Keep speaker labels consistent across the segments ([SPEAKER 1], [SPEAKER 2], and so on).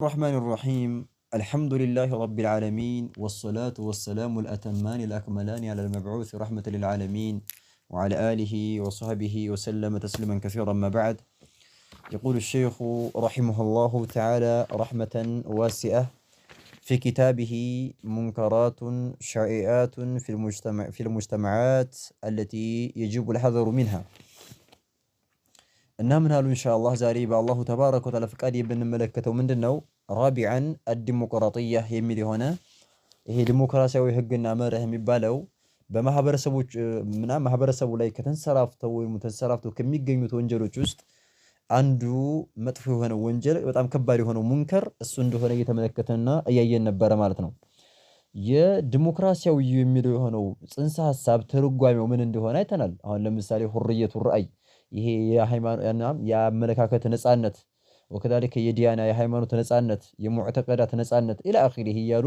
[SPEAKER 1] الرحمن الرحيم الحمد لله رب العالمين والصلاة والسلام الأتمان الأكملان على المبعوث رحمة للعالمين وعلى آله وصحبه وسلم تسليما كثيرا ما بعد يقول الشيخ رحمه الله تعالى رحمة واسعة في كتابه منكرات شائعات في المجتمع في المجتمعات التي يجب الحذر منها እና ምን አሉ ኢንሻአላህ ዛሬ በአላሁ ተባረከ ወተዓላ ፍቃድ የምንመለከተው ምንድን ነው ራቢዐን አዲሞክራጥያ የሚል የሆነ ይሄ ዲሞክራሲያዊ ህግና መርህ የሚባለው በማህበረሰቦች ምና ማህበረሰቡ ላይ ከተንሰራፍተው ወይም ተንሰራፍተው ከሚገኙት ወንጀሎች ውስጥ አንዱ መጥፎ የሆነ ወንጀል በጣም ከባድ የሆነው ሙንከር እሱ እንደሆነ እየተመለከተና እያየን ነበረ ማለት ነው። የዲሞክራሲያዊ የሚለው የሆነው ጽንሰ ሀሳብ ትርጓሜው ምን እንደሆነ አይተናል። አሁን ለምሳሌ ሁርየቱ ራእይ ይሄ የአመለካከት ነፃነት ወከዛሊከ የዲያና የሃይማኖት ነፃነት የሙዕተቀዳት ነፃነት ኢላ አኺሪህ እያሉ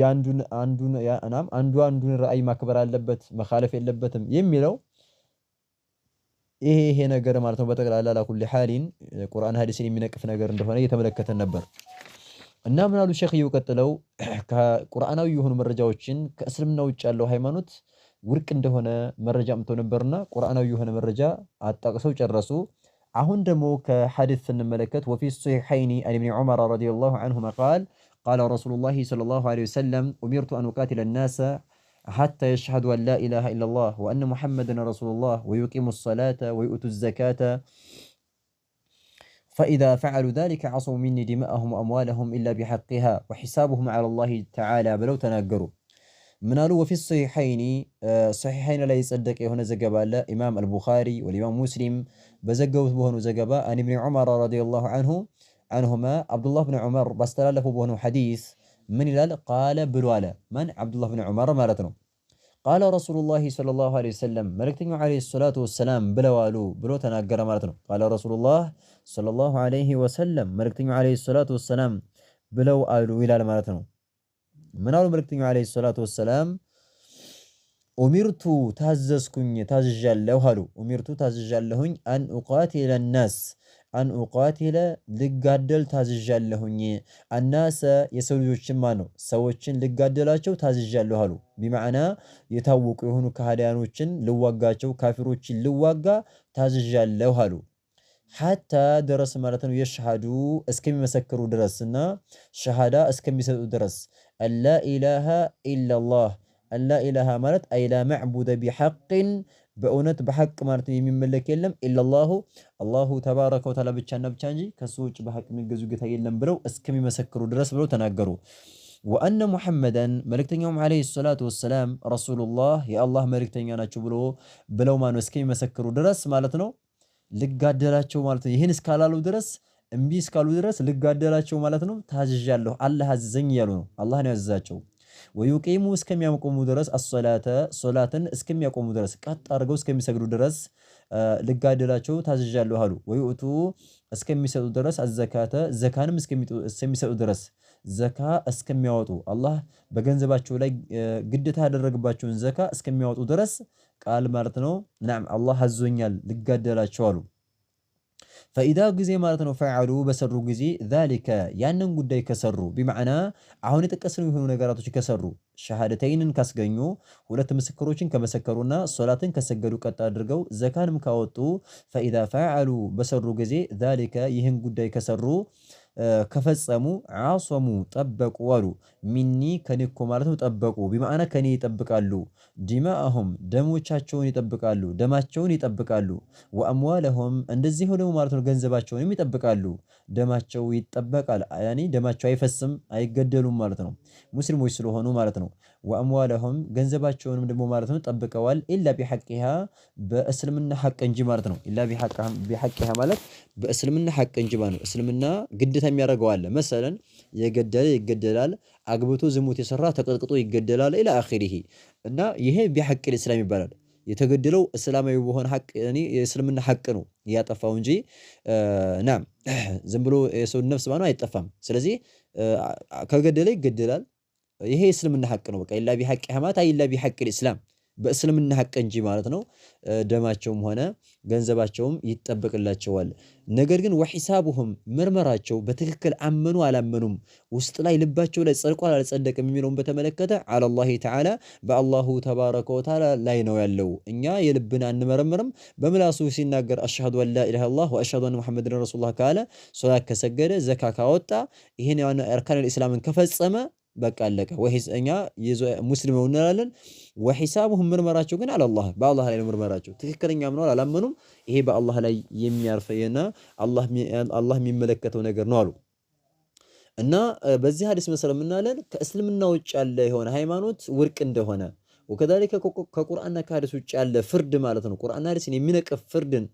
[SPEAKER 1] ያንዱን አንዱን ያናም አንዱ አንዱን ራእይ ማክበር አለበት መኻለፍ የለበትም የሚለው ይሄ ይሄ ነገር ማለት ነው። በጠቅላላ ላኩል ሐሊን ቁርአን ሐዲስን የሚነቅፍ ነገር እንደሆነ እየተመለከተን ነበር እና ምናሉ ሼክ እየቀጥለው ከቁርአናዊ የሆኑ መረጃዎችን ከእስልምና ውጭ ያለው ሃይማኖት ورك عنده مرجع متون برنا قرآن يوهنا مرجع أتقصو جرسو عهند مو كحدث الملكة وفي الصحيحين عن ابن عمر رضي الله عنهما قال قال رسول الله صلى الله عليه وسلم أمرت أن أقاتل الناس حتى يشهدوا أن لا إله إلا الله وأن محمدا رسول الله ويقيم الصلاة ويؤتوا الزكاة فإذا فعلوا ذلك عصوا مني دماءهم وأموالهم إلا بحقها وحسابهم على الله تعالى بلو تناقروا منالو وفي الصحيحين صحيحين لا يصدق هنا زجبا لا إمام البخاري والإمام مسلم بزجوا بهن زجبا ان ابن عمر رضي الله عنه عنهما عبد الله بن عمر بس تلاف بهن حديث من لال قال بروالا من عبد الله بن عمر مالتنا قال رسول الله صلى الله عليه وسلم ملكتنا عليه الصلاة والسلام بلوالو بروتنا قرى مالتنا قال رسول الله صلى الله عليه وسلم ملكتنا عليه الصلاة والسلام بلوالو إلى مالتنا ምን አሉ መልክተኛው ዓለይሂ ሰላቱ ወሰላም? ኡሚርቱ ታዘዝኩኝ ታዝዣለሁ አሉ። ኡሚርቱ ታዝዣለሁኝ አን ኡቃቲለ ናስ አን ኡቃቲለ ልጋደል ታዝዣለሁኝ። አናሰ የሰው ልጆችን ማ ነው ሰዎችን ልጋደላቸው ታዝዣለሁ አሉ። ቢመዕና የታወቁ የሆኑ ከሃዲያኖችን ልዋጋቸው፣ ካፊሮችን ልዋጋ ታዝዣለሁ አሉ። ሓታ ድረስ ማለት ነው የሸሃዱ እስከሚመሰክሩ ድረስና ሸሃዳ እስከሚሰጡ ድረስ አላኢላሃ ኢላላህ አላኢላሃ ማለት አይላ መዕቡደ ቢሐቅን በእውነት በሐቅ ማለት የሚመለክ የለም ኢላላሁ አላሁ ተባረከ ወተዓላ ብቻና ብቻ እንጂ ከሱ ውጭ በሐቅ የሚገዙ ጌታ የለም ብለው እስከሚመሰክሩ ድረስ ብለው ተናገሩ። ወአነ ሙሐመደን መልእክተኛውም ዓለይሂ ሰላቱ ወሰላም ረሱሉላህ የአላህ መልእክተኛ ናቸው ብሎ ብለው ማነው እስከሚመሰክሩ ድረስ ማለት ነው ልጋደላቸው ማለት ነው። ይህን እስካላሉ ድረስ እምቢ እስካሉ ድረስ ልጋደላቸው ማለት ነው። ታዝዣለሁ፣ አላህ አዘኝ እያሉ ነው። አላህ ነው ያዘዛቸው። ወዩቂሙ እስከሚያቆሙ ድረስ አሶላተ ሶላትን እስከሚያቆሙ ድረስ ቀጥ አድርገው እስከሚሰግዱ ድረስ ልጋደላቸው ታዝዣለሁ አሉ። ወዩቱ እስከሚሰጡ ድረስ አዘካተ ዘካንም እስከሚሰጡ ድረስ ዘካ እስከሚያወጡ አላህ በገንዘባቸው ላይ ግዴታ ያደረግባቸውን ዘካ እስከሚያወጡ ድረስ ቃል ማለት ነው። ናም አላህ አዞኛል ልጋደላቸው አሉ። فإذا جزي مالتنا فعلوا بسروا جزي ذلك يانن قد كسروا بمعنى عهوني تكسروا يهونوا نقاراتوش كسروا شهادتين كسقنوا ولا تمسكروش كمسكرونا صلاة كسقروا كتادرقوا زكان مكاوتو فإذا فعلوا بسروا جزي ذلك يهن قد كسروا ከፈጸሙ ዓሶሙ ጠበቁ አሉ። ሚኒ ከኔ ማለት ነው ጠበቁ ቢማዕና ከኔ ይጠብቃሉ። ዲማአሁም ደሞቻቸውን ይጠብቃሉ፣ ደማቸውን ይጠብቃሉ። ወአምዋለሁም እንደዚህ ሆነው ማለት ነው ገንዘባቸውንም ይጠብቃሉ። ደማቸው ይጠበቃል። ያኒ ደማቸው አይፈስም፣ አይገደሉም ማለት ነው። ሙስሊሞች ስለሆኑ ማለት ነው። ወአምዋለሁም ገንዘባቸውንም ደግሞ ማለት ነው ጠብቀዋል። ኢላ ቢሐቂሃ በእስልምና ሐቅ እንጂ ማለት ነው። ኢላ ቢሐቂሃ ማለት በእስልምና ሐቅ እንጂ ማለት ነው። እስልምና ግዴታ የሚያደርገው አለ። መሰለን የገደለ ይገደላል፣ አግብቶ ዝሙት የሰራ ተቀጥቅጦ ይገደላል። ኢላ አኺሪሂ እና ይሄ ቢሐቅ ልእስላም ይባላል። የተገደለው እስላማዊ በሆነ ሐቅ እኔ የእስልምና ሐቅ ነው ያጠፋው እንጂ ና ዝም ብሎ የሰው ነፍስ ማነው አይጠፋም። ስለዚህ ከገደለ ይገደላል። ይሄ የእስልምና ሐቅ ነው። በቃ ኢላ ቢሐቅ ሐማት ኢላ ቢሐቅ ልእስላም በእስልምና ሀቅ እንጂ ማለት ነው። ደማቸውም ሆነ ገንዘባቸውም ይጠበቅላቸዋል። ነገር ግን ወሒሳቡሁም ምርመራቸው በትክክል አመኑ አላመኑም፣ ውስጥ ላይ ልባቸው ላይ ጸድቋል አልጸደቅም የሚለውን በተመለከተ አለላሂ ተዓላ በአላሁ ተባረከ ወተዓላ ላይ ነው ያለው። እኛ የልብን አንመረምርም። በምላሱ ሲናገር አሽሀዱ አን ላኢላሃ ኢለላህ ወአሽሀዱ አነ ሙሐመድን ረሱሉላህ ካለ ሶላት ከሰገደ ዘካ ካወጣ ይህን ያን አርካን ልእስላምን ከፈጸመ በቃ አለቀ። እኛ ሙስሊም እንላለን። ወሒሳቡሁም ምርመራቸው ግን አላላህ በአላህ ላይ ነው ምርመራቸው። ትክክለኛ አምነዋል አላመኑም፣ ይሄ በአላህ ላይ የሚያርፈና አላህ የሚመለከተው ነገር ነው አሉ። እና በዚህ ሀዲስ መሰረት ምናለን ከእስልምና ውጭ ያለ የሆነ ሃይማኖት ውድቅ እንደሆነ ወከዛሊከ ከቁርአንና ከሀዲስ ውጭ ያለ ፍርድ ማለት ነው ቁርአንና ሀዲስን የሚነቅፍ ፍርድን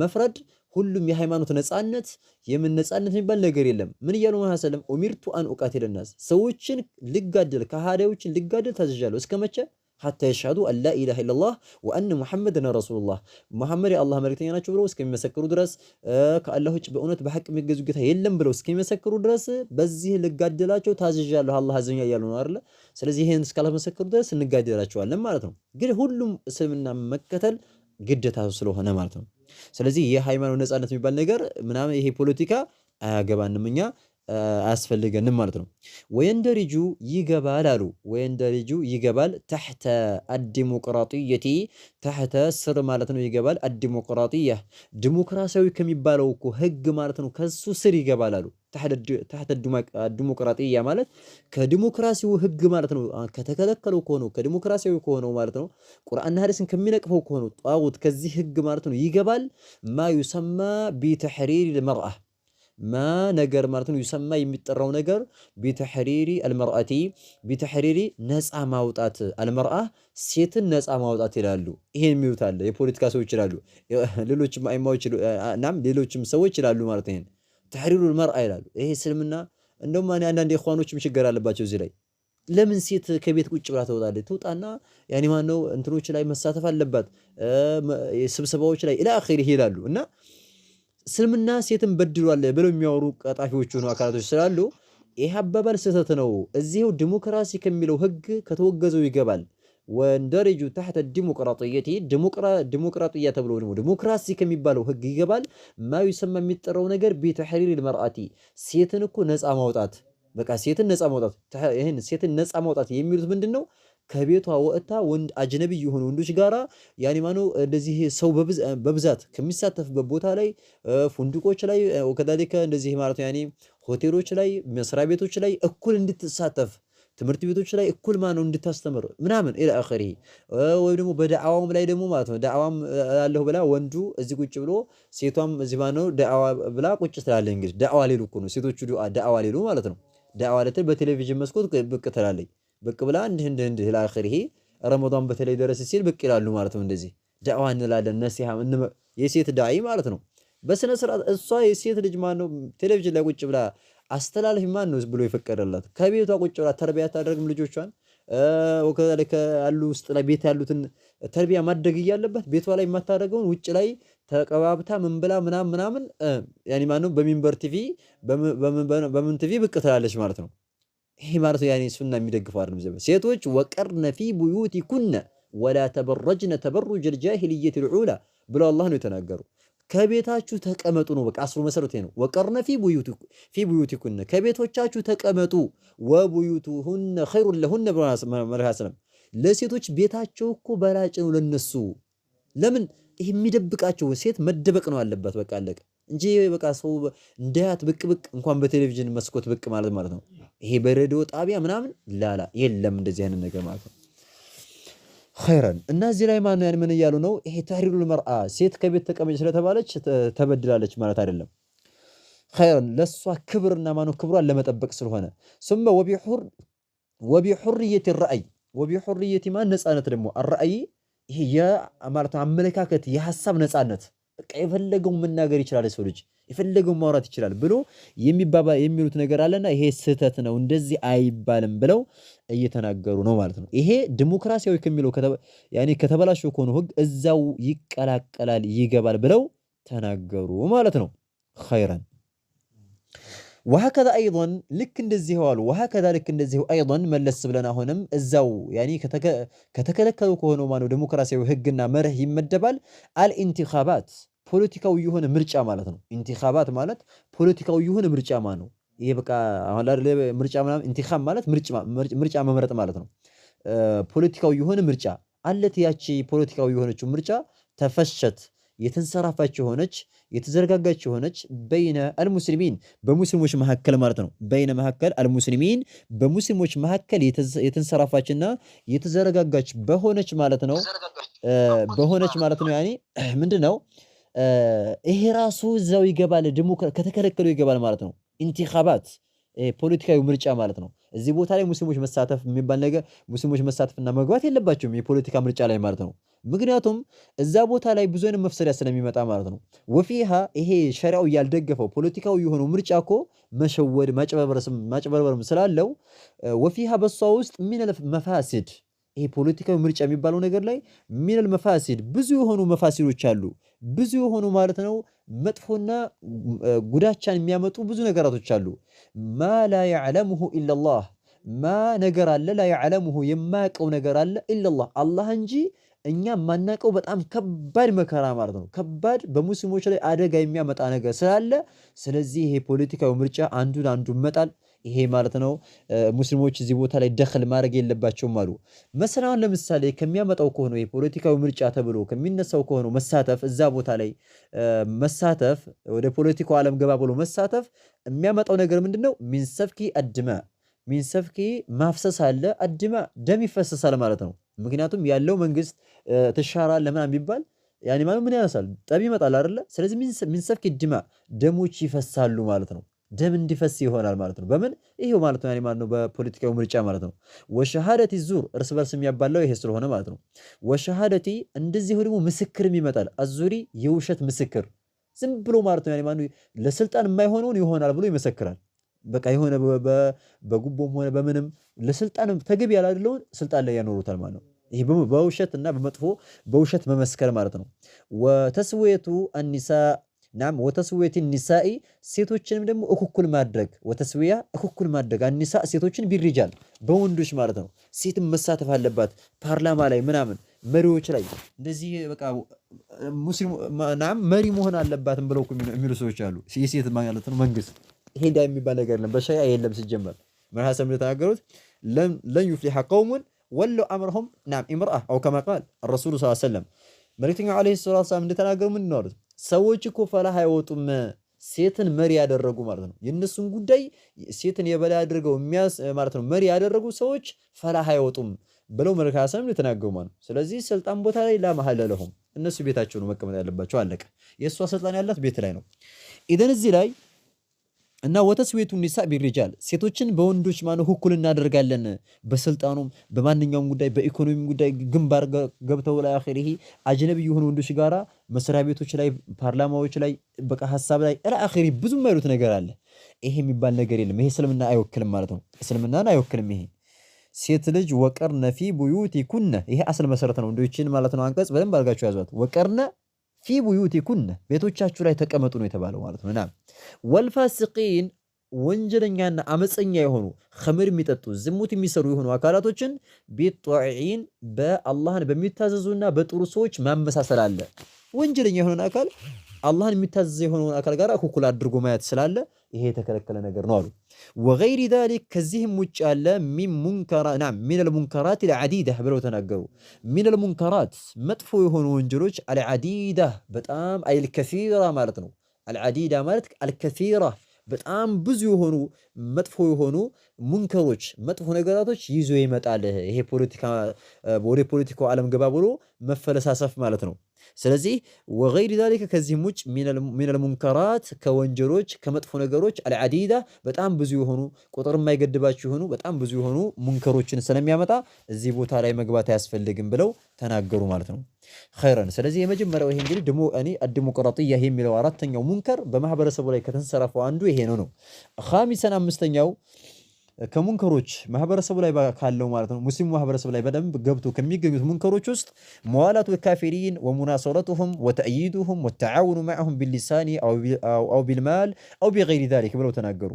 [SPEAKER 1] መፍረድ ሁሉም የሃይማኖት ነጻነት የምን ነጻነት የሚባል ነገር የለም። ምን እያሉ መሐመድ ሰለም ኡሚርቱ አን ኡቃቲለ ናስ ሰዎችን ልጋደል ከሃዳዮችን ልጋደል ታዝዣለሁ። እስከ መቼ? ሐታ የሽሀዱ አን ላ ኢላሃ ኢለላህ ወአነ ሙሐመድን ረሱሉላህ መሐመድ የአላህ መልክተኛ ናቸው ብለው እስከሚመሰክሩ ድረስ ከአላህ ውጭ በእውነት በሐቅ የሚገዙ ጌታ የለም ብለው እስከሚመሰክሩ ድረስ በዚህ ልጋደላቸው ታዝዣለሁ። አላህ አዘኛ እያሉ ነው አይደለ? ስለዚህ ይህን እስካላመሰክሩ ድረስ እንጋደላቸዋለን ማለት ነው። ግን ሁሉም እስልምና መከተል ግዴታ ስለሆነ ማለት ነው። ስለዚህ የሃይማኖት ነጻነት የሚባል ነገር ምናምን ይሄ ፖለቲካ አያገባንም እኛ አያስፈልገንም ማለት ነው። ወየንደሪጁ ይገባል አሉ። ወየንደሪጁ ይገባል ተሕተ አዲሞቅራጢየቲ ተሕተ ስር ማለት ነው። ይገባል አዲሞቅራጢያ ዲሞክራሲያዊ ከሚባለው እኮ ህግ ማለት ነው። ከሱ ስር ይገባል አሉ። ተሕተ ዲሞቅራጢያ ማለት ከዲሞክራሲው ህግ ማለት ነው። ከተከለከለው ከሆነው ከዲሞክራሲያዊ ከሆነው ማለት ነው። ቁርአንና ሐዲስን ከሚነቅፈው ከሆነው ጣውት ከዚህ ህግ ማለት ነው ይገባል ማ ዩሰማ ቢተሕሪር ልመርአ ማ ነገር ማለት ነው። ዩሰማ የሚጠራው ነገር ቢተሕሪሪ አልመርአቲ ቢተሕሪሪ ነፃ ማውጣት አልመርአ ሴትን ነፃ ማውጣት ይላሉ። ይሄን የሚሉት አለ የፖለቲካ ሰዎች ይላሉ፣ ሌሎችም አይማዎች እናም ሌሎችም ሰዎች ይላሉ ማለት ነው። ተሕሪሩ አልመርአ ይላሉ። ይሄ ስልምና እንደውም አንዳንድ የኢኽዋኖችም ችግር አለባቸው እዚህ ላይ ለምን ሴት ከቤት ቁጭ ብላ ትወጣለች? ትውጣና ያኔ ማነው እንትኖች ላይ መሳተፍ አለባት፣ ስብሰባዎች ላይ ኢላ አኺሪህ ይላሉ እና እስልምና ሴትን በድሏል ብለው የሚያወሩ ቀጣፊዎች ሆኑ አካላቶች ስላሉ ይህ አባባል ስህተት ነው። እዚው ዲሞክራሲ ከሚለው ህግ ከተወገዘው ይገባል። ወንደረጁ ታሕተ ዲሞቅራጥየቲ ዲሞቅራጥያ ተብሎ ደግሞ ዲሞክራሲ ከሚባለው ህግ ይገባል። ማዩሰማ የሚጠራው ነገር ቢተሕሪር መርአቲ ሴትን እኮ ነፃ ማውጣት በቃ ሴትን ነፃ ማውጣት ይህን ሴትን ነፃ ማውጣት የሚሉት ምንድን ነው? ከቤቷ ወጥታ ወንድ አጅነቢ የሆኑ ወንዶች ጋራ ያኔ ማኑ እንደዚህ ሰው በብዛት ከሚሳተፍበት ቦታ ላይ ፉንድቆች ላይ ወከዳሊከ እንደዚህ ማለት ያኔ ሆቴሎች ላይ መስሪያ ቤቶች ላይ እኩል እንድትሳተፍ ትምህርት ቤቶች ላይ እኩል ማነው እንድታስተምር ምናምን ኢላ አኺሪ ወይ ደግሞ በዳዕዋውም ላይ ደግሞ ማለት ነው። ዳዕዋም አለሁ ብላ ወንዱ እዚህ ቁጭ ብሎ ሴቷም እዚህ ማነው ዳዕዋ ብላ ቁጭ ትላለች። እንግዲህ ዳዕዋ ሌሉ እኮ ነው ሴቶቹ ዳዕዋ ሌሉ ማለት ነው። ዳዕዋ ለተ በቴሌቪዥን መስኮት ብቅ ትላለች። ብቅ ብላ እንድህ እንድህ እንድህ ላአኺር ይሄ ረመዳን በተለይ ደረስ ሲል ብቅ ይላሉ ማለት ነው። እንደዚህ ዳዕዋ እንላለን ነሲሃ የሴት ዳይ ማለት ነው። በስነ ስርዓት እሷ የሴት ልጅ ማን ነው ቴሌቪዥን ላይ ቁጭ ብላ አስተላልፊ ማን ነው ብሎ የፈቀደላት? ከቤቷ ቁጭ ብላ ተርቢያ ታደርግም ልጆቿን ወከዛሊከ ያሉ ውስጥ ላይ ቤት ያሉትን ተርቢያ ማደግ እያለበት ቤቷ ላይ የማታደርገውን ውጭ ላይ ተቀባብታ ምን ብላ ምናምን ምናምን ያኔ ነው በሚንበር ቲቪ በምን ቲቪ ብቅ ትላለች ማለት ነው። ይሄ ማለት ያኔ ሱና የሚደግፈው አይደለም። ዘበ ሴቶች ወቀርነ ፊ ቡዩቲኩነ ወላ ተበረጅነ ተበሩጅ ልጃሂልየት ልዑላ ብሎ አላህ ነው የተናገሩ። ከቤታችሁ ተቀመጡ ነው። በቃ አስሩ መሰረቴ ነው። ወቀርነ ፊ ቡዩቲኩነ ከቤቶቻችሁ ተቀመጡ። ወቡዩቱሁነ ኸይሩን ለሁነ ብሎ ለሴቶች ቤታቸው እኮ በላጭ ነው ለነሱ። ለምን ይሄ የሚደብቃቸው ሴት መደበቅ ነው ያለባት። በቃ አለቀ እንጂ በቃ ሰው እንዳያት ብቅ ብቅ እንኳን በቴሌቪዥን መስኮት ብቅ ማለት ማለት ነው ይሄ በረዶ ጣቢያ ምናምን ላላ የለም እንደዚህ አይነት ነገር ማለት ነው። ኸይረን እና እዚህ ላይ ማን ያን ምን እያሉ ነው? ይሄ ተህሪሩል መርአ ሴት ከቤት ተቀመጭ ስለተባለች ተበድላለች ማለት አይደለም። ኸይረን ለእሷ ክብርና ማኖ ክብሯን ለመጠበቅ ስለሆነ ስመ ወቢሑርየት ረአይ ወቢሑርየት ማን ነፃነት ደግሞ አረአይ ይሄ የማለት አመለካከት የሀሳብ ነፃነት በቃ የፈለገው መናገር ይችላል ሰው ልጅ የፈለገውን ማውራት ይችላል ብሎ የሚባባ የሚሉት ነገር አለና ይሄ ስህተት ነው፣ እንደዚህ አይባልም ብለው እየተናገሩ ነው ማለት ነው። ይሄ ዲሞክራሲያዊ ከሚለው ያኔ ከተበላሸው ከሆኑ ህግ እዛው ይቀላቀላል ይገባል ብለው ተናገሩ ማለት ነው። ኸይረን ወሀከዛ አይን ልክ እንደዚህ ዋሉ ወሀከዛ ልክ እንደዚህ አይን መለስ ብለን አሁንም እዛው ያኔ ከተከለከሉ ከሆነው ማነው ዲሞክራሲያዊ ህግና መርህ ይመደባል አልኢንቲኻባት ፖለቲካዊ የሆነ ምርጫ ማለት ነው። ኢንቲኻባት ማለት ፖለቲካዊ የሆነ ምርጫ ማለት ነው። ይሄ በቃ አሁን ምርጫ ምናምን ኢንቲኻብ ማለት ምርጫ መምረጥ ማለት ነው። ፖለቲካዊ የሆነ ምርጫ አለት ያቺ ፖለቲካዊ የሆነችው ምርጫ ተፈሸት የተንሰራፋች የሆነች የተዘረጋጋች የሆነች በይነ አልሙስሊሚን በሙስሊሞች መካከል ማለት ነው። በይነ መካከል አልሙስሊሚን በሙስሊሞች መካከል የተንሰራፋችና የተዘረጋጋች በሆነች ማለት ነው። በሆነች ማለት ነው ያኔ ምንድን ነው ይሄ ራሱ እዛው ይገባል፣ ከተከለከሉ ይገባል ማለት ነው። ኢንቲኻባት ፖለቲካዊ ምርጫ ማለት ነው። እዚህ ቦታ ላይ ሙስሊሞች መሳተፍ የሚባል ነገር ሙስሊሞች መሳተፍና መግባት የለባቸውም የፖለቲካ ምርጫ ላይ ማለት ነው። ምክንያቱም እዛ ቦታ ላይ ብዙ አይነት መፍሰሪያ ስለሚመጣ ማለት ነው። ወፊሃ ይሄ ሸሪያው ያልደገፈው ፖለቲካዊ የሆነው ምርጫ እኮ መሸወድ ማጭበርበርም ስላለው ወፊሃ በሷ ውስጥ ሚነል መፋሲድ ይሄ ፖለቲካዊ ምርጫ የሚባለው ነገር ላይ ሚነል መፋሲድ ብዙ የሆኑ መፋሲዶች አሉ። ብዙ የሆኑ ማለት ነው መጥፎና ጉዳቻን የሚያመጡ ብዙ ነገራቶች አሉ። ማ ላ ያዕለሙሁ ኢለላህ ማ ነገር አለ ላ ያዕለሙሁ የማያውቀው ነገር አለ ኢለላህ አላህ እንጂ እኛ የማናውቀው በጣም ከባድ መከራ ማለት ነው። ከባድ በሙስሊሞች ላይ አደጋ የሚያመጣ ነገር ስላለ ስለዚህ ይሄ ፖለቲካዊ ምርጫ አንዱን አንዱ መጣል ይሄ ማለት ነው ሙስሊሞች እዚህ ቦታ ላይ ደኸል ማድረግ የለባቸውም አሉ። መሰናውን ለምሳሌ ከሚያመጣው ከሆነ የፖለቲካዊ ምርጫ ተብሎ ከሚነሳው ከሆነ መሳተፍ እዛ ቦታ ላይ መሳተፍ ወደ ፖለቲካው ዓለም ገባ ብሎ መሳተፍ የሚያመጣው ነገር ምንድን ነው? ሚንሰፍኪ አድማ ሚንሰፍኪ ማፍሰስ አለ አድማ ደም ይፈሰሳል ማለት ነው። ምክንያቱም ያለው መንግስት ትሻራ ለምናም ቢባል ያኔ ምን ያነሳል? ጠብ ይመጣል አይደለ? ስለዚህ ሚንሰፍኪ ድማ ደሞች ይፈሳሉ ማለት ነው። ደም እንዲፈስ ይሆናል ማለት ነው። በምን ይሄው ማለት ነው ያኔ ማለት ነው በፖለቲካዊ ምርጫ ማለት ነው። ወሸሃደቲ ዙር እርስ በርስ የሚያባለው ይሄ ስለሆነ ማለት ነው። ወሸሃደቲ እንደዚሁ ደግሞ ምስክር ይመጣል። አዙሪ የውሸት ምስክር ዝም ብሎ ማለት ነው ያኔ ማለት ነው ለስልጣን የማይሆነውን ይሆናል ብሎ ይመሰክራል። በቃ የሆነ በጉቦም ሆነ በምንም ለስልጣን ተገቢ ያላደለውን ስልጣን ላይ ያኖሩታል ማለት ነው። ይህ በውሸት እና በመጥፎ በውሸት መመስከር ማለት ነው። ወተስዌቱ አኒሳ ናም ወተስዌት ኒሳኢ ሴቶችንም ደግሞ እኩል ማድረግ ወተስዌያ እኩል ማድረግ አኒሳ ሴቶችን ቢሪጃል በወንዶች ማለት ነው። ሴትም መሳተፍ አለባት ፓርላማ ላይ ምናምን መሪዎች ላይ እንደዚህ በቃ ናም መሪ መሆን አለባትም ብለው የሚሉ ሰዎች አሉ። የሴት ማለት ነው መንግስት ሄዳ የሚባል ነገር የለም፣ በሸሪዓ የለም። ሲጀመር መርሃሰብ እንደተናገሩት ለን ዩፍሊሐ ቀውሙን ወለው አምረሁም ናም ኢምርአ አው ከማ ቃል ረሱሉ ሰለም መልእክተኛው ዓለይሂ ሰላቱ ሰላም እንደተናገሩ ምን ነው አሉት? ሰዎች እኮ ፈላህ አይወጡም ሴትን መሪ ያደረጉ ማለት ነው። የእነሱን ጉዳይ ሴትን የበላይ አድርገው የሚያስ ማለት ነው መሪ ያደረጉ ሰዎች ፈላህ አይወጡም ብለው መልእክተኛው ዓለይሂ ሰላም እንደተናገሩ ማለት ነው። ስለዚህ ስልጣን ቦታ ላይ ላመሀለለሁም እነሱ ቤታቸው ነው መቀመጥ ያለባቸው። አለቀ። የእሷ ስልጣን ያላት ቤት ላይ ነው። ኢደን እዚህ ላይ እና ወተስዌቱ ኒሳ ቢሪጃል ሴቶችን በወንዶች ማነው እኩል እናደርጋለን። በስልጣኑም በማንኛውም ጉዳይ በኢኮኖሚም ጉዳይ ግንባር ገብተው ላይ ይሄ አጅነቢ የሆኑ ወንዶች ጋራ መስሪያ ቤቶች ላይ፣ ፓርላማዎች ላይ፣ በቃ ሀሳብ ላይ ላ ብዙ የማይሉት ነገር አለ። ይሄ የሚባል ነገር የለም። ይሄ እስልምና አይወክልም ማለት ነው። እስልምናን አይወክልም ይሄ ሴት ልጅ ወቀርነ ፊ ቡዩቲኩነ ይሄ አስል መሰረት ነው። ወንዶችን ማለት ነው። አንቀጽ በደንብ አድርጋችሁ ያዟት። ወቀርነ ፊ ቡዩቲኩነ ቤቶቻችሁ ላይ ተቀመጡ ነው የተባለው ማለት ነው። እና ወልፋሲቂን ወንጀለኛና አመፀኛ የሆኑ ኸምር የሚጠጡ ዝሙት የሚሰሩ የሆኑ አካላቶችን ቢጧዒን በአላህን በሚታዘዙና በጥሩ ሰዎች ማመሳሰል አለ። ወንጀለኛ የሆነን አካል አላህን የሚታዘዝ የሆነውን አካል ጋር እኩል አድርጎ ማየት ስላለ ይሄ የተከለከለ ነገር ነው አሉ። ወገይሪ ዛሊክ ከዚህም ውጭ ያለ ሚነል ሙንከራት አልዓዲዳ ብለው ተናገሩ። ሚነል ሙንከራት መጥፎ የሆኑ ወንጀሎች አልዓዲዳ በጣም አልከሲራ ማለት ነው። አልዓዲዳ ማለት አልከሲራ በጣም ብዙ የሆኑ መጥፎ የሆኑ ሙንከሮች መጥፎ ነገራቶች ይዞ ይመጣል። ይሄ ፖለቲካ ወደ ፖለቲካው ዓለም ገባ ብሎ መፈለሳሰፍ ማለት ነው። ስለዚህ ወገይሪ ዛሊከ ከዚህም ውጭ ሚነል ሙንከራት ከወንጀሎች ከመጥፎ ነገሮች አልዓዲዳ በጣም ብዙ የሆኑ ቁጥር የማይገድባቸው የሆኑ በጣም ብዙ የሆኑ ሙንከሮችን ስለሚያመጣ እዚህ ቦታ ላይ መግባት አያስፈልግም ብለው ተናገሩ ማለት ነው። ኸይረን። ስለዚህ የመጀመሪያው ይሄ እንግዲህ ድሞ እኔ አዲሞቅራጥያ የሚለው አራተኛው ሙንከር በማህበረሰቡ ላይ ከተንሰራፈው አንዱ ይሄ ነው ነው። ኻሚሰን አምስተኛው ከሙንከሮች ማህበረሰቡ ላይ ካለው ማለት ነው ሙስሊሙ ማህበረሰብ ላይ በደንብ ገብቶ ከሚገኙት ሙንከሮች ውስጥ መዋላቱ ካፊሪን ወሙናሰረቱሁም ወተእይዱሁም ወተዓውኑ ማዕሁም ቢልሊሳኒ አው ቢልማል አው ቢገይሪ ዛሊክ ብለው ተናገሩ።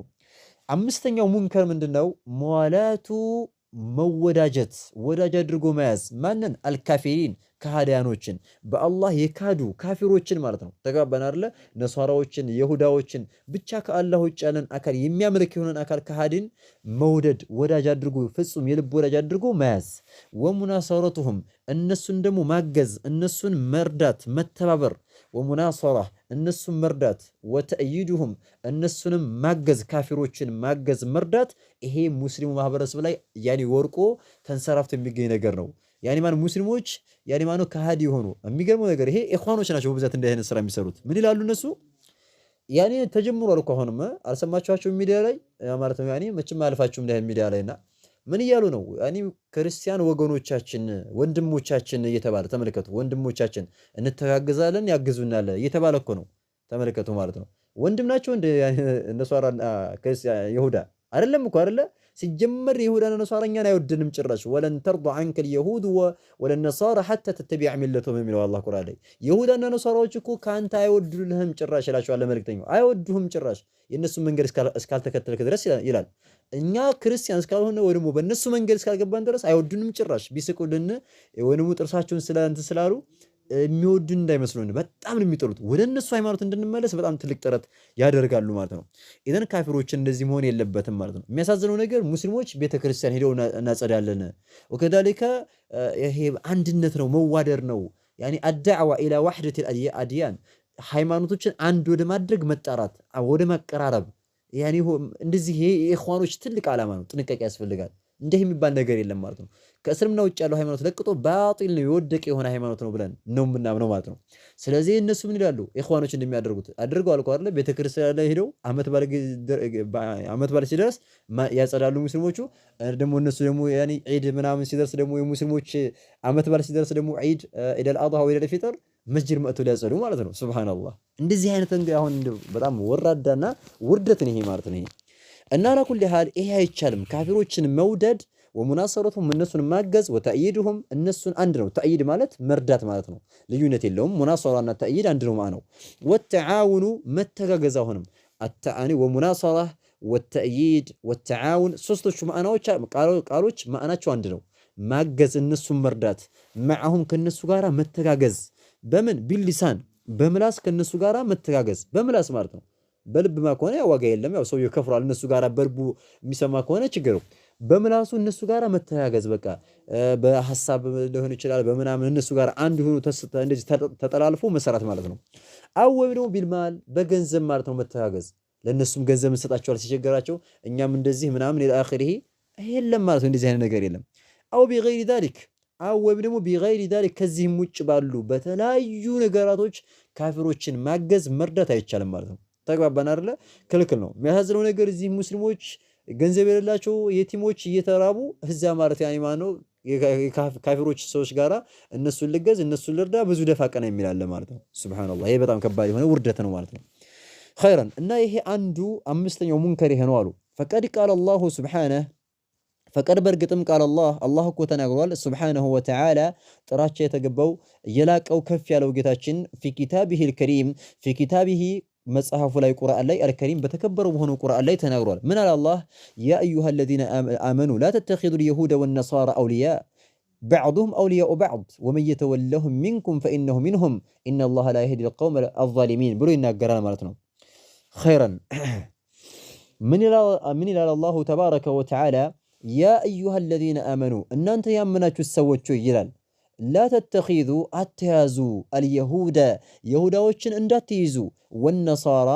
[SPEAKER 1] አምስተኛው ሙንከር ምንድነው? መዋላቱ መወዳጀት ወዳጅ አድርጎ መያዝ ማንን? አልካፊሪን ከሃዲያኖችን በአላህ የካዱ ካፊሮችን ማለት ነው። ተጋባን አይደለ? ነሷራዎችን፣ የሁዳዎችን ብቻ ከአላህ ውጭ ያለን አካል የሚያመልክ የሆነን አካል ከሃዲን መውደድ ወዳጅ አድርጎ ፍጹም የልብ ወዳጅ አድርጎ መያዝ። ወሙናሰረቱሁም እነሱን ደግሞ ማገዝ፣ እነሱን መርዳት፣ መተባበር ወሙናሰራ እነሱን መርዳት ወተእይድሁም እነሱንም ማገዝ ካፊሮችን ማገዝ መርዳት ይሄ ሙስሊሙ ማህበረሰብ ላይ ያኔ ወርቆ ተንሰራፍቶ የሚገኝ ነገር ነው። ያኔ ማን ሙስሊሞች ያኔ ማን ከሃዲ የሆኑ የሚገርመው ነገር ይሄ ኢኽዋኖች ናቸው በብዛት እንዲህ አይነት ስራ የሚሰሩት። ምን ይላሉ እነሱ? ያኔ ተጀምሯል እኮ አሁንም አልሰማችኋቸውም? ሚዲያ ላይ ማለት ነው ያኔ መቼም አያልፋችሁም እንዲህ አይነት ሚዲያ ላይና ምን እያሉ ነው? እኔም ክርስቲያን ወገኖቻችን ወንድሞቻችን እየተባለ ተመልከቱ። ወንድሞቻችን እንተጋግዛለን ያግዙናል እየተባለ እኮ ነው። ተመልከቱ ማለት ነው። ወንድም ናቸው እንደ ክርስቲያን ይሁዳ አይደለም እኮ አይደለ ሲጀመር የይሁዳና ነሷራ እኛን አይወደንም ጭራሽ። ወለን ተርዱ አንከ ልየሁድ ወለነሳራ ሐታ ተተቢዐ ሚለተሁም የሚለው አላህ ቁርአን ላይ የይሁዳና ነሷራዎች እኮ ከአንተ አይወዱልህም ጭራሽ ይላቸዋል መልእክተኛው። አይወዱህም ጭራሽ የእነሱ መንገድ እስካልተከተልክ ድረስ ይላል። እኛ ክርስቲያን እስካልሆነ ወይ ደግሞ በእነሱ መንገድ እስካልገባን ድረስ አይወዱንም ጭራሽ። ቢስቁልን ወይ ደግሞ ጥርሳቸውን ስላንት ስላሉ የሚወዱ እንዳይመስሉ በጣም ነው የሚጠሉት። ወደ እነሱ ሃይማኖት እንድንመለስ በጣም ትልቅ ጥረት ያደርጋሉ ማለት ነው። ኢዘን ካፊሮችን እንደዚህ መሆን የለበትም ማለት ነው። የሚያሳዝነው ነገር ሙስሊሞች ቤተክርስቲያን ሄደው እናጸዳለን። ወከዛሊከ ይሄ አንድነት ነው፣ መዋደር ነው። አዳዕዋ ኢላ ዋሕደት አድያን ሃይማኖቶችን አንድ ወደ ማድረግ መጣራት፣ ወደ መቀራረብ እንደዚህ ይሄ የኢኽዋኖች ትልቅ ዓላማ ነው። ጥንቃቄ ያስፈልጋል። እንዲህ የሚባል ነገር የለም ማለት ነው። ከእስልምና ውጭ ያለው ሃይማኖት ለቅጦ ባጢል ነው የወደቀ የሆነ ሃይማኖት ነው ብለን ነው የምናምነው ማለት ነው። ስለዚህ እነሱ ምን ይላሉ? ኢኽዋኖች እንደሚያደርጉት አድርገው አልኮ አይደለ? ቤተክርስቲያን ላይ ሄደው ዓመት በዓል ሲደርስ ያጸዳሉ ሙስሊሞቹ። ደግሞ እነሱ ደግሞ ዒድ ምናምን ሲደርስ ደግሞ የሙስሊሞች ዓመት በዓል ሲደርስ ደግሞ ዒድ ኢደል አድሃ ወይ ኢደል ፊጥር መስጅድ መጥቶ ሊያጸዱ ማለት ነው። ሱብሃንአላህ እንደዚህ አይነት አሁን በጣም ወራዳና ውርደትን ይሄ ማለት ነው። እና አላኩል ሀል ይሄ አይቻልም። ካፊሮችን መውደድ ወሙናሰረቱም እነሱን ማገዝ ወተእይድሁም እነሱን አንድ ነው። ተእይድ ማለት መርዳት ማለት ነው። ልዩነት የለውም። ሙናሰራና ተእይድ አንድ ነው ማለት ነው። ወተዓውኑ መተጋገዝ አሁንም አታኒ ወሙናሰራ ወተእይድ ወተዓውን ሶስቶቹ ማዕናዎች ቃሎች ማዕናቸው አንድ ነው። ማገዝ እነሱን መርዳት መዓሁም ከነሱ ጋራ መተጋገዝ በምን ቢልሊሳን በምላስ ከነሱ ጋራ መተጋገዝ በምላስ ማለት ነው። በልብማ ከሆነ ዋጋ የለም። ያው ሰውየው ከፍሯል። እነሱ ጋራ በልቡ የሚሰማ ከሆነ ችግር ነው። በምላሱ እነሱ ጋር መተጋገዝ በቃ በሀሳብ ሊሆን ይችላል በምናምን እነሱ ጋር አንድ ሆኖ እንደዚህ ተጠላልፎ መሰራት ማለት ነው። አው ወይም ደግሞ ቢልማል በገንዘብ ማለት ነው መተጋገዝ። ለእነሱም ገንዘብ እንሰጣቸዋል ሲቸገራቸው፣ እኛም እንደዚህ ምናምን ኢላ ይሄ የለም ማለት ነው። እንደዚህ አይነት ነገር የለም። አው ቢገይሪ ዛሊክ አው ወይም ደግሞ ቢገይሪ ዛሊክ ከዚህም ውጭ ባሉ በተለያዩ ነገራቶች ካፊሮችን ማገዝ መርዳት አይቻልም ማለት ነው። ተግባባን አይደለ? ክልክል ነው። የሚያሳዝነው ነገር እዚህ ሙስሊሞች ገንዘብ የሌላቸው የቲሞች እየተራቡ እዚያ ማለት ያኔ ማነው ካፊሮች ሰዎች ጋራ እነሱን ልገዝ እነሱን ልርዳ ብዙ ደፋ ቀና የሚላለ ማለት ነው። ሱብሃነላህ ይሄ በጣም ከባድ የሆነ ውርደት ነው ማለት ነው። ኸይረን እና ይሄ አንዱ አምስተኛው ሙንከር ይሄ ነው አሉ። ፈቀድ ቃለ አላሁ ሱብሓነህ ፈቀድ በእርግጥም ቃለ አላህ አላህ እኮ ተናግሯል። ሱብሓነሁ ወተዓላ ጥራቻ የተገባው የላቀው ከፍ ያለው ጌታችን ፊ ኪታቢሂል ከሪም ፊ ኪታቢሂ መጽሐፉ ላይ ቁርአን ላይ አልከሪም በተከበረው በሆነው ቁርአን ላይ ተናግሯል። ምን አለ አላህ? ያ አዩሃ ለዚነ አመኑ ላ ተተኪዙ ልየሁደ ወነሳራ አውልያ ባዕዱሁም አውልያኡ ባዕድ ወመን የተወለሁም ሚንኩም ፈኢነሁ ሚንሁም ኢነላሃ ላ የህዲ ልቀውም አዛሊሚን ብሎ ይናገራል ማለት ነው። ኸይረን ምን ይላል አላሁ ተባረከ ወተዓላ? ያ አዩሃ ለዚነ አመኑ እናንተ ያመናችሁ ሰዎች ይላል ላተተኺዙ አተያዙ አልየሁደ የሁዳዎችን እንዳትይዙ ወነሳራ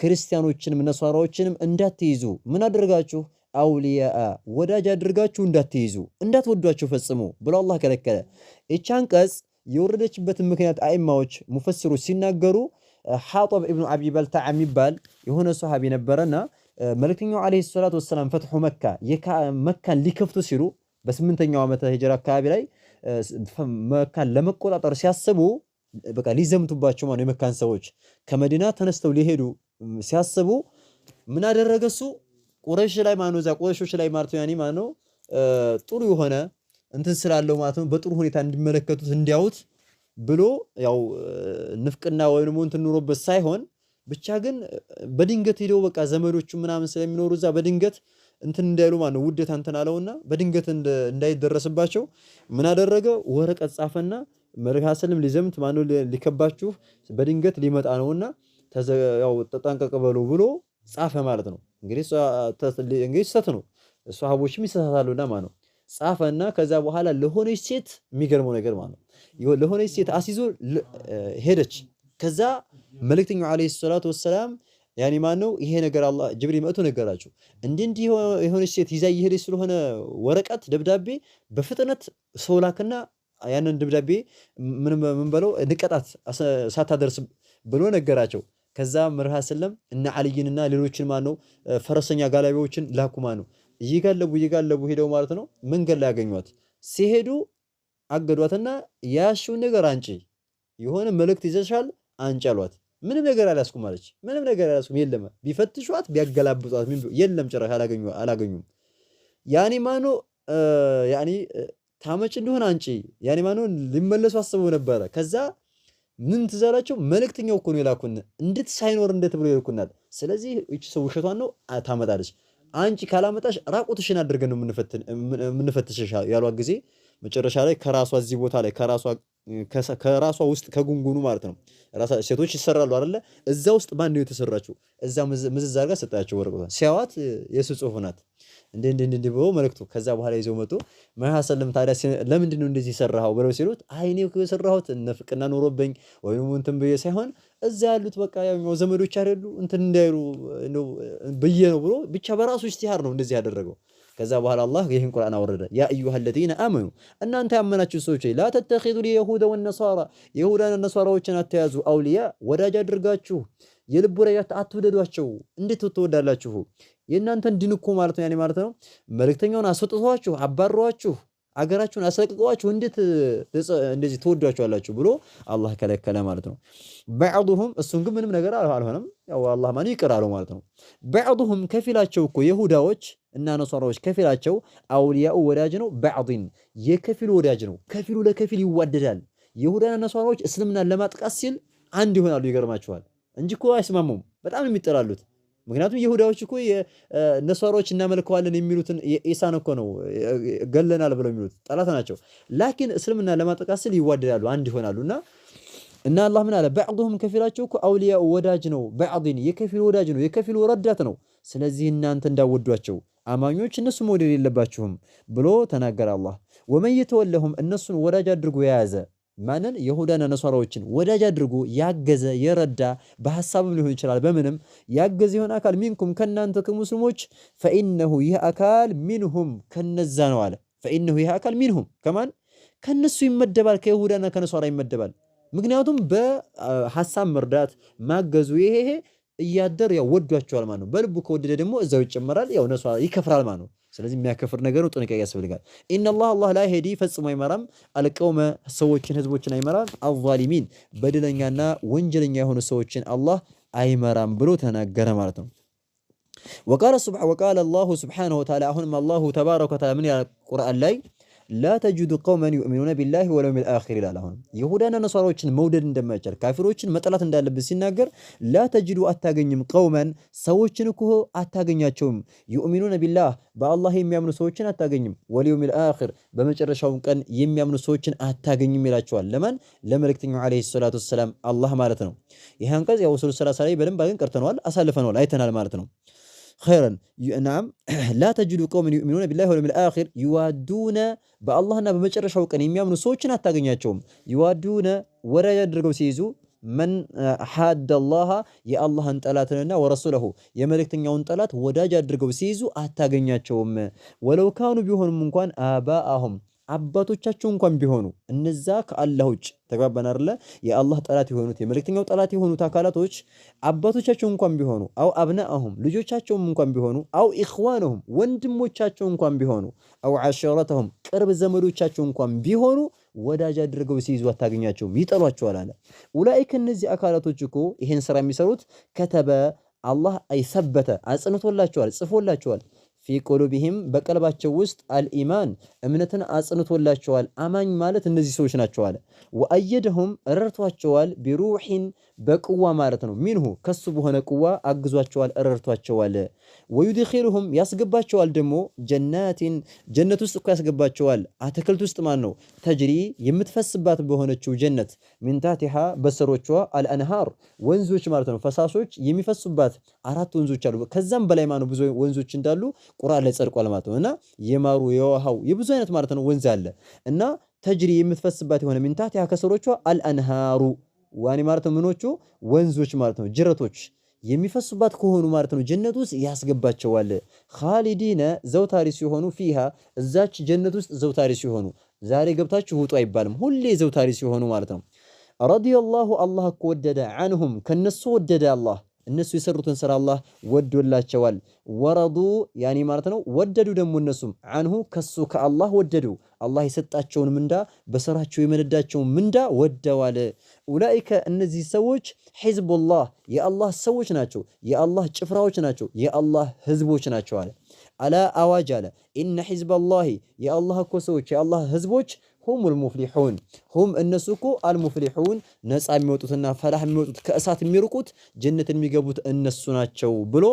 [SPEAKER 1] ክርስቲያኖችንም ነሳራዎችንም እንዳትይዙ ምን አድርጋችሁ አውልያአ ወዳጅ አድርጋችሁ እንዳትይዙ እንዳትወዷቸው ፈጽሙ ብሎ አላህ ከለከለ። ይቺ አንቀጽ የወረደችበትን ምክንያት አእማዎች ሙፈስሮች ሲናገሩ ሓጦብ ኢብኑ አቢ በልታ የሚባል የሆነ ሰሃቢ ነበረና መልክተኛው ዓለይሂ ሰላቱ ወሰላም ፈትሑ መካ መካን ሊከፍቱ ሲሉ በስምንተኛው ዓመተ ሂጅራ አካባቢ ላይ መካን ለመቆጣጠር ሲያስቡ በቃ ሊዘምቱባቸው ማለት የመካን ሰዎች ከመዲና ተነስተው ሊሄዱ ሲያስቡ ምን አደረገ እሱ ቁረሽ ላይ ማነው እዛ ቁረሾች ላይ ማለት ያኔ ማነው ጥሩ የሆነ እንትን ስላለው ማለት ነው በጥሩ ሁኔታ እንዲመለከቱት እንዲያውት ብሎ ያው ንፍቅና ወይም ደግሞ እንትን ኑሮበት ሳይሆን ብቻ ግን በድንገት ሄደው በቃ ዘመዶቹ ምናምን ስለሚኖሩ እዛ በድንገት እንትን እንዳይሉ ማለት ነው ውዴታ እንትን አለውና በድንገት እንዳይደረስባቸው ምን አደረገ? ወረቀት ጻፈና መልካ ሰለም ሊዘምት ማነው ሊከባችሁ በድንገት ሊመጣ ነውና ያው ተጠንቀቅ በሉ ብሎ ጻፈ ማለት ነው። እንግዲህ እንግዲህ ስህተት ነው፣ ሷሃቦችም ይሳሳታሉና ማለት ነው። ጻፈና ከዛ በኋላ ለሆነች ሴት የሚገርመው ነገር ማለት ነው ለሆነች ሴት አስይዞ ሄደች። ከዛ መልእክተኛው አለይሂ ሰላቱ ወሰላም ያኔ ማን ነው ይሄ ነገር? አላ ጅብሪ መጥቶ ነገራቸው። እንዲህ እንዲህ የሆነች ሴት ይዛ ይሄድ ስለሆነ ወረቀት ደብዳቤ በፍጥነት ሰው ላክና ያንን ደብዳቤ ምን በለው ንቀጣት ሳታደርስ ብሎ ነገራቸው። ከዛ መርሃ ስለም እና አልይንና ሌሎችን ማን ነው ፈረሰኛ ጋላቢዎችን ላኩ። ማን ነው እየጋለቡ እየጋለቡ ሄደው ማለት ነው መንገድ ላይ ያገኟት። ሲሄዱ አገዷትና ያሹ ነገር አንጪ የሆነ መልእክት ይዘሻል አንጪ አሏት። ምንም ነገር አልያዝኩም አለች። ምንም ነገር አልያዝኩም የለም። ቢፈትሿት ቢያገላብጧት የለም፣ ጭራሽ አላገኙም። ያኔ ማኖ ያኔ ታመጭ እንደሆነ አንጪ ያኔ ማኖ ሊመለሱ አስበው ነበረ። ከዛ ምን ትዝ መልክተኛው መልእክተኛው እኮ ነው የላኩን እንዴት ሳይኖር እንዴት ብሎ ይልኩናል። ስለዚህ እቺ ሰው ውሸቷን ነው ታመጣለች። አንቺ ካላመጣሽ ራቁትሽን አድርገን ነው የምንፈትሽሽ ያሏት ጊዜ መጨረሻ ላይ ከራሷ እዚህ ቦታ ላይ ከራሷ ከራሷ ውስጥ ከጉንጉኑ ማለት ነው። ሴቶች ይሰራሉ አይደለ? እዛ ውስጥ ማን ነው የተሰራችው? እዛ ምዝዝ አድርጋ ሰጣቸው ወረቀቷ። ሲያዋት የሱ ጽሁፍ ናት። እንዴ እንዴ እንዴ ብሎ መልእክቱ ከዛ በኋላ ይዘው መጡ። መሐሰለም ታዲያ ለምንድን ነው እንደዚህ የሰራኸው ብለው ሲሉት አይ እኔ የሰራሁት ንፍቅና ኖሮብኝ ወይም እንትን ብዬ ሳይሆን እዛ ያሉት በቃ ያው ዘመዶች አይደሉ እንትን እንዳይሉ ብዬ ነው ብሎ ብቻ በራሱ ስቲሃር ነው እንደዚህ ያደረገው። ከዛ በኋላ አላህ ይህን ቁርአን አወረደ። ያ አዩሃ ለዚነ አመኑ እናንተ ያመናችሁ ሰዎች ላ ተተኺዙ የሁደ ወነሳራ የሁዳና ነሳራዎችን አተያዙ አውልያ ወዳጅ አድርጋችሁ የልቡ ረያት አትውደዷቸው። እንዴት ትወዳላችሁ? የእናንተን ዲን ማለት ነው ያኔ ማለት ነው መልእክተኛውን አስወጥቷችሁ አባሯችሁ አገራችሁን አስለቅቀዋችሁ እንዴት እንደዚህ ትወዷቸዋላችሁ ብሎ አላህ ከለከለ ማለት ነው። በዕዱሁም እሱም ግን ምንም ነገር አልሆነም። ያው አላህ ማን ይቅር አለው ማለት ነው። በዕዱሁም ከፊላቸው እኮ የሁዳዎች እና ነሷራዎች ከፊላቸው አውልያኡ ወዳጅ ነው። በዕድን የከፊሉ ወዳጅ ነው። ከፊሉ ለከፊል ይዋደዳል። የሁዳና ነሷራዎች እስልምናን ለማጥቃት ሲል አንድ ይሆናሉ። ይገርማችኋል እንጂ እኮ አይስማሙም። በጣም የሚጠላሉት ምክንያቱም ይሁዳዎች እኮ ነሷሮች እናመልከዋለን የሚሉትን ኢሳን እኮ ነው ገለናል ብለው የሚሉት ጠላት ናቸው። ላኪን እስልምና ለማጠቃት ስል ይዋደዳሉ፣ አንድ ይሆናሉ እና እና አላህ ምን አለ? በዕዱሁም ከፊላቸው እኮ አውሊያ ወዳጅ ነው፣ በዕዲን የከፊል ወዳጅ ነው፣ የከፊል ረዳት ነው። ስለዚህ እናንተ እንዳወዷቸው አማኞች እነሱ መውደድ የለባችሁም ብሎ ተናገረ አላህ። ወመን የተወለሁም እነሱን ወዳጅ አድርጎ የያዘ ማንን የሁዳና ነሷራዎችን ወዳጅ አድርጎ ያገዘ የረዳ በሐሳብም ሊሆን ይችላል። በምንም ያገዘ ይሆን አካል ሚንኩም ከናንተ ከሙስሊሞች ፈኢነሁ ይህ አካል ሚንሁም ከነዛ ነው አለ። ፈኢነሁ ይህ አካል ሚንሁም ከማን ከነሱ ይመደባል፣ ከይሁዳና ከነሷራ ይመደባል። ምክንያቱም በሐሳብ መርዳት ማገዙ ይሄ እያደር ያው ወዷቸዋል ማለት ነው። በልቡ ከወደደ ደግሞ እዛው ይጨመራል፣ ያው ነሷራ ይከፍራል ማለት ነው። ስለዚህ የሚያከፍር ነገር ነው፣ ጥንቃቄ ያስፈልጋል። ኢነላህ አላህ ላ የህዲ ፈጽሞ አይመራም አልቀውመ ሰዎችን ህዝቦችን አይመራም አዛሊሚን በደለኛና ወንጀለኛ የሆኑ ሰዎችን አላህ አይመራም ብሎ ተናገረ ማለት ነው። ወቃለ አላሁ ስብሓነሁ ወተዓላ አሁንም አላሁ ተባረከ ወተዓላ ምን ቁርአን ላይ ላተጅዱ ቀውመን ዩእሚኑነ ቢላሂ ወለውሚል አኺር ይላል። አሁንም ይሁዳና ነሷራዎችን መውደድ እንደማይቻል ካፊሮችን መጠላት እንዳለብን ሲናገር ላተጅዱ አታገኝም፣ ቀውመን ሰዎችን እኮ አታገኛቸውም፣ ዩእሚኑነ ቢላህ በአላህ የሚያምኑ ሰዎችን አታገኝም፣ ወለውሚል አኺር በመጨረሻውም ቀን የሚያምኑ ሰዎችን አታገኝም ይላቸዋል። ለማን ለመልእክተኛው ዓለይሂ ሰላቱ ወሰላም አላህ ማለት ነው። ይህ አንቀጽ ያው ሱራ ሰላሳ ላይ በደንብ አድርገን ቀርተነዋል፣ አሳልፈነዋል፣ አይተናል ማለት ነው። ኸይረን ናም ላ ተጅዱ ቀውመን ዩእሚኑነ ቢላሂ ወልየውሚል አኺር ዩዋዱነ በአላህና በመጨረሻው ቀን የሚያምኑ ሰዎችን አታገኛቸውም። ዩዋዱነ ወዳጅ አድርገው ሲይዙ መን ሐደላሃ የአላህን ጠላትንና ወረሱለሁ የመልእክተኛውን ጠላት ወዳጅ አድርገው ሲይዙ አታገኛቸውም። ወለው ካኑ ቢሆኑም እንኳን አባአሁም አባቶቻቸው እንኳን ቢሆኑ እነዛ ከአላህ ውጭ ተግባባን አይደለ? የአላህ ጠላት የሆኑት የመልእክተኛው ጠላት የሆኑት አካላቶች አባቶቻቸው እንኳን ቢሆኑ አው አብናአሁም ልጆቻቸውም እንኳን ቢሆኑ አው ኢኽዋነሁም ወንድሞቻቸው እንኳን ቢሆኑ አው ዓሸረተሁም ቅርብ ዘመዶቻቸው እንኳን ቢሆኑ ወዳጅ አድርገው ሲይዙ አታገኛቸውም፣ ይጠሏቸዋል አለ። ኡላኢከ እነዚህ አካላቶች እኮ ይሄን ስራ የሚሰሩት ከተበ አላህ አይሰበተ አጽንቶላቸዋል፣ ጽፎላቸዋል ፊ ቁሉብሂም በቀልባቸው ውስጥ አልኢማን እምነትን አጽንቶላቸዋል። አማኝ ማለት እነዚህ ሰዎች ናቸው አለ። ወአየደሁም ረድቷቸዋል ቢሩሒን በቅዋ ማለት ነው። ሚንሁ ከሱ በሆነ ቅዋ አግዟቸዋል፣ እረርቷቸዋል። ወዩድኪሉሁም ያስገባቸዋል ደግሞ ጀናቲን ጀነት ውስጥ እኮ ያስገባቸዋል። አትክልት ውስጥ ማን ነው ተጅሪ የምትፈስባት በሆነችው ጀነት ሚንታቲሃ በሰሮቿ አልአንሃር ወንዞች ማለት ነው። ፈሳሶች የሚፈሱባት አራት ወንዞች አሉ። ከዛም በላይ ማነው ብዙ ወንዞች እንዳሉ ቁርአን ላይ ጸድቋል ማለት ነው። እና የማሩ የውሃው የብዙ አይነት ማለት ነው ወንዝ አለ እና ተጅሪ የምትፈስባት የሆነ ሚንታቲሃ ከሰሮቿ አልአንሃሩ ዋኒ ማለት ነው ምኖቹ ወንዞች ማለት ነው ጅረቶች የሚፈሱባት ከሆኑ ማለት ነው ጀነት ውስጥ ያስገባቸዋል። ኻሊዲነ ዘውታሪ ሲሆኑ ፊሃ እዛች ጀነት ውስጥ ዘውታሪ ሲሆኑ፣ ዛሬ ገብታችሁ ውጡ አይባልም። ሁሌ ዘውታሪ ሲሆኑ ማለት ነው። ረዲየላሁ አላህ እኮ ወደደ፣ አንሁም ከነሱ ወደደ አላህ እነሱ የሰሩትን ስራ አላህ ወዶላቸዋል። ወረዱ ያኒ ማለት ነው ወደዱ። ደግሞ እነሱም አንሁ ከሱ ከአላህ ወደዱ። አላህ የሰጣቸውን ምንዳ በስራቸው የመነዳቸውን ምንዳ ወደዋል። ኡላኢከ እነዚህ ሰዎች ሒዝቡላህ የአላህ ሰዎች ናቸው፣ የአላህ ጭፍራዎች ናቸው፣ የአላህ ህዝቦች ናቸው አለ። አላ አዋጅ አለ ኢነ ሒዝበላሂ የአላህ እኮ ሰዎች የአላህ ህዝቦች ሁሙል ሙፍሊሑን ሁም እነሱ እኮ አልሙፍሊሑን ነፃ የሚወጡትና ፈላህ የሚወጡት ከእሳት የሚርቁት ጀነት የሚገቡት እነሱ ናቸው ብሎ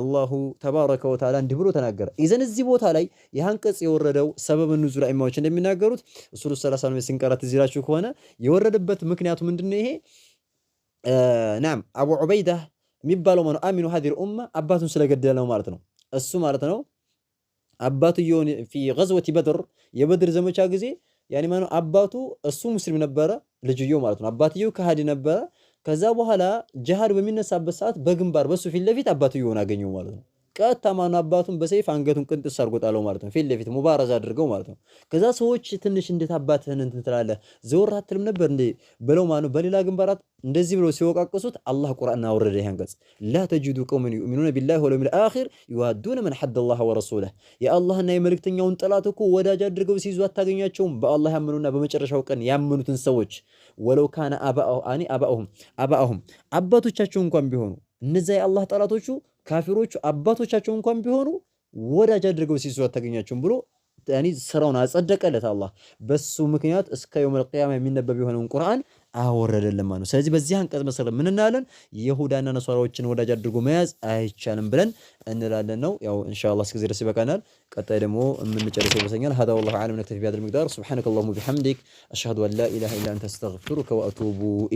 [SPEAKER 1] አላሁ ተባረከ ወተዓላ እንዲህ ብሎ ተናገረ። ይዘን እዚህ ቦታ ላይ ይህ አንቀጽ የወረደው ሰበብ ኑዙል ኢማሞች እንደሚናገሩት እሱሉ ሰላሳ ነው ስንቀራት እዚህ ከሆነ የወረደበት ምክንያቱ ምንድን ነው? ይሄ ናም አቡ ዑበይዳ የሚባለው ማነው አሚኑ ሀዲር ኡማ አባቱን ስለገደለ ነው ማለት ነው። እሱ ማለት ነው አባትየውን ፊ ገዝወቲ በድር የበድር ዘመቻ ጊዜ ያኔ ማነው አባቱ እሱ ሙስሊም ነበረ፣ ልጅየው ማለት ነው። አባትየው ከሃዲ ነበረ። ከዛ በኋላ ጅሃድ በሚነሳበት ሰዓት በግንባር በሱ ፊት ለፊት አባትየውን አገኘው ማለት ነው። ቀጥታ ማን አባቱን በሰይፍ አንገቱን ቅንጥስ አድርጎ ጣለው ማለት ነው። ፊት ለፊት ሙባረዝ አድርገው ማለት ነው። ከዛ ሰዎች ትንሽ እንዴት አባትህን እንትን ትላለህ ዘወር አትልም ነበር እንዴ ብለው ማነው በሌላ ግንባራት እንደዚህ ብለው ሲወቃቅሱት አላህ ቁርአን አወረደ ይሄን ገጽ ላ ተጅዱ ቀውመን ዩእሚኑነ ቢላሂ ወል የውሚል ይዋዱነ መን ሐደላህ ወረሱለህ የአላህና የመልእክተኛውን ጠላት እኮ ወዳጅ አድርገው ሲይዙ አታገኛቸውም። በአላህ ያመኑና በመጨረሻው ቀን ያመኑትን ሰዎች ወለው ካነ አባአሁም አባቶቻቸው እንኳን ቢሆኑ እነዚያ የአላህ ጠላቶቹ ካፊሮቹ አባቶቻቸው እንኳን ቢሆኑ ወዳጅ አድርገው ሲይዙ አታገኛቸውም ብሎ ያኒ ስራውን አጸደቀለት አላህ። በሱ ምክንያት እስከ የውመል ቂያማ የሚነበብ የሆነውን ቁርአን አወረደልን ነው። ስለዚህ በዚህ አንቀጽ መሰረት ምን እናለን? የሁዳና ነሷራዎችን ወዳጅ አድርጎ መያዝ አይቻልም ብለን እንላለን ነው። ያው ኢንሻአላህ እስከ ዚህ ድረስ ይበቃናል። ቀጣይ ደግሞ የምንጨርሰው ይመስለኛል። هذا والله اعلم نكتفي بهذا المقدار سبحانك اللهم وبحمدك اشهد ان لا اله الا انت استغفرك واتوب